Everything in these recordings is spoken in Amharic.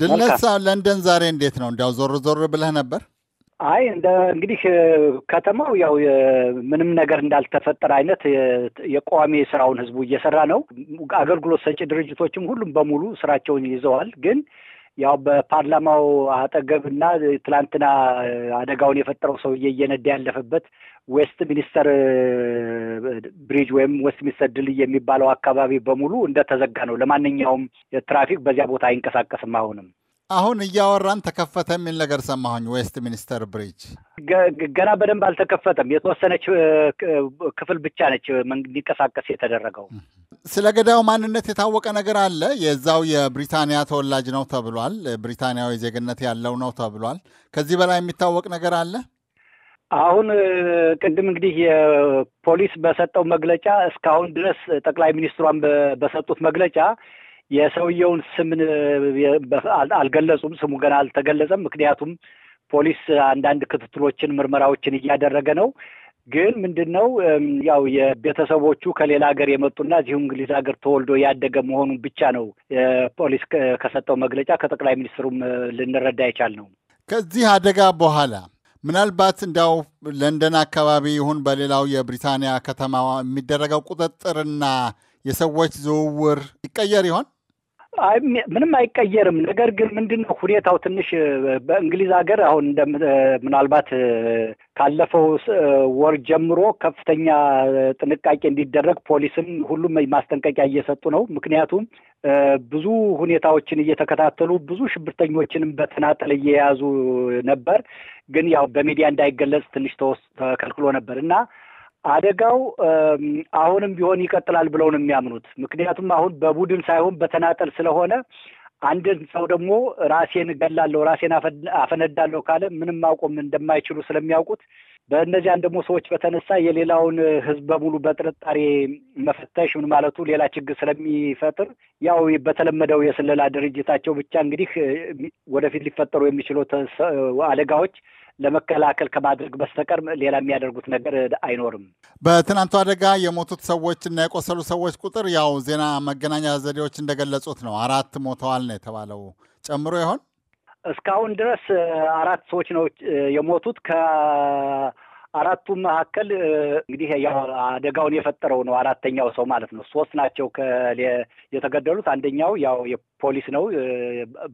ድነሳ ለንደን ዛሬ እንዴት ነው? እንዲያው ዞር ዞር ብለህ ነበር? አይ እንደ እንግዲህ ከተማው ያው ምንም ነገር እንዳልተፈጠረ አይነት የቋሚ ስራውን ህዝቡ እየሰራ ነው። አገልግሎት ሰጪ ድርጅቶችም ሁሉም በሙሉ ስራቸውን ይዘዋል። ግን ያው በፓርላማው አጠገብና ትላንትና አደጋውን የፈጠረው ሰውዬ እየነዳ ያለፈበት ዌስት ሚኒስተር ብሪጅ ወይም ዌስት ሚኒስተር ድልድይ የሚባለው አካባቢ በሙሉ እንደተዘጋ ነው። ለማንኛውም ትራፊክ በዚያ ቦታ አይንቀሳቀስም። አሁንም አሁን እያወራን ተከፈተ የሚል ነገር ሰማሁኝ። ዌስት ሚኒስተር ብሪጅ ገና በደንብ አልተከፈተም። የተወሰነች ክፍል ብቻ ነች እንዲንቀሳቀስ የተደረገው። ስለ ገዳዩ ማንነት የታወቀ ነገር አለ? የዛው የብሪታንያ ተወላጅ ነው ተብሏል። ብሪታንያዊ ዜግነት ያለው ነው ተብሏል። ከዚህ በላይ የሚታወቅ ነገር አለ? አሁን ቅድም እንግዲህ የፖሊስ በሰጠው መግለጫ እስካሁን ድረስ ጠቅላይ ሚኒስትሯን በሰጡት መግለጫ የሰውየውን ስምን አልገለጹም። ስሙ ገና አልተገለጸም። ምክንያቱም ፖሊስ አንዳንድ ክትትሎችን፣ ምርመራዎችን እያደረገ ነው። ግን ምንድን ነው ያው የቤተሰቦቹ ከሌላ ሀገር የመጡና እዚሁ እንግሊዝ ሀገር ተወልዶ ያደገ መሆኑን ብቻ ነው ፖሊስ ከሰጠው መግለጫ ከጠቅላይ ሚኒስትሩም ልንረዳ የቻል ነው። ከዚህ አደጋ በኋላ ምናልባት እንዲያው ለንደን አካባቢ ይሁን በሌላው የብሪታንያ ከተማ የሚደረገው ቁጥጥርና የሰዎች ዝውውር ይቀየር ይሆን? ምንም አይቀየርም። ነገር ግን ምንድነው ሁኔታው ትንሽ በእንግሊዝ ሀገር አሁን ምናልባት ካለፈው ወር ጀምሮ ከፍተኛ ጥንቃቄ እንዲደረግ ፖሊስም ሁሉም ማስጠንቀቂያ እየሰጡ ነው። ምክንያቱም ብዙ ሁኔታዎችን እየተከታተሉ ብዙ ሽብርተኞችንም በተናጠል እየያዙ ነበር። ግን ያው በሚዲያ እንዳይገለጽ ትንሽ ተከልክሎ ነበር እና አደጋው አሁንም ቢሆን ይቀጥላል ብለው ነው የሚያምኑት። ምክንያቱም አሁን በቡድን ሳይሆን በተናጠል ስለሆነ አንድን ሰው ደግሞ ራሴን እገላለሁ፣ ራሴን አፈነዳለሁ ካለ ምንም ማቆም እንደማይችሉ ስለሚያውቁት በእነዚያን ደግሞ ሰዎች በተነሳ የሌላውን ሕዝብ በሙሉ በጥርጣሬ መፈተሽ ምን ማለቱ ሌላ ችግር ስለሚፈጥር ያው በተለመደው የስለላ ድርጅታቸው ብቻ እንግዲህ ወደፊት ሊፈጠሩ የሚችሉ አደጋዎች ለመከላከል ከማድረግ በስተቀር ሌላ የሚያደርጉት ነገር አይኖርም። በትናንቱ አደጋ የሞቱት ሰዎች እና የቆሰሉ ሰዎች ቁጥር ያው ዜና መገናኛ ዘዴዎች እንደገለጹት ነው አራት ሞተዋል ነው የተባለው። ጨምሮ ይሆን? እስካሁን ድረስ አራት ሰዎች ነው የሞቱት ከ አራቱ መካከል እንግዲህ ያው አደጋውን የፈጠረው ነው አራተኛው ሰው ማለት ነው። ሶስት ናቸው የተገደሉት። አንደኛው ያው የፖሊስ ነው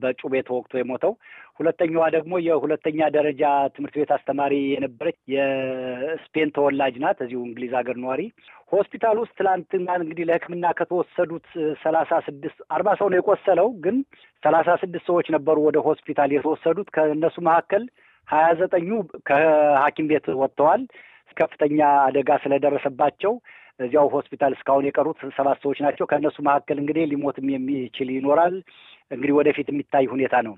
በጩቤ ተወግቶ የሞተው። ሁለተኛዋ ደግሞ የሁለተኛ ደረጃ ትምህርት ቤት አስተማሪ የነበረች የስፔን ተወላጅ ናት፣ እዚሁ እንግሊዝ ሀገር ነዋሪ። ሆስፒታል ውስጥ ትላንትና እንግዲህ ለሕክምና ከተወሰዱት ሰላሳ ስድስት አርባ ሰው ነው የቆሰለው፣ ግን ሰላሳ ስድስት ሰዎች ነበሩ ወደ ሆስፒታል የተወሰዱት ከእነሱ መካከል ሀያ ዘጠኙ ከሐኪም ቤት ወጥተዋል። ከፍተኛ አደጋ ስለደረሰባቸው እዚያው ሆስፒታል እስካሁን የቀሩት ሰባት ሰዎች ናቸው። ከእነሱ መካከል እንግዲህ ሊሞትም የሚችል ይኖራል። እንግዲህ ወደፊት የሚታይ ሁኔታ ነው።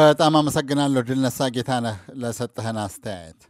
በጣም አመሰግናለሁ ድልነሳ ጌታነህ ለሰጠህን አስተያየት።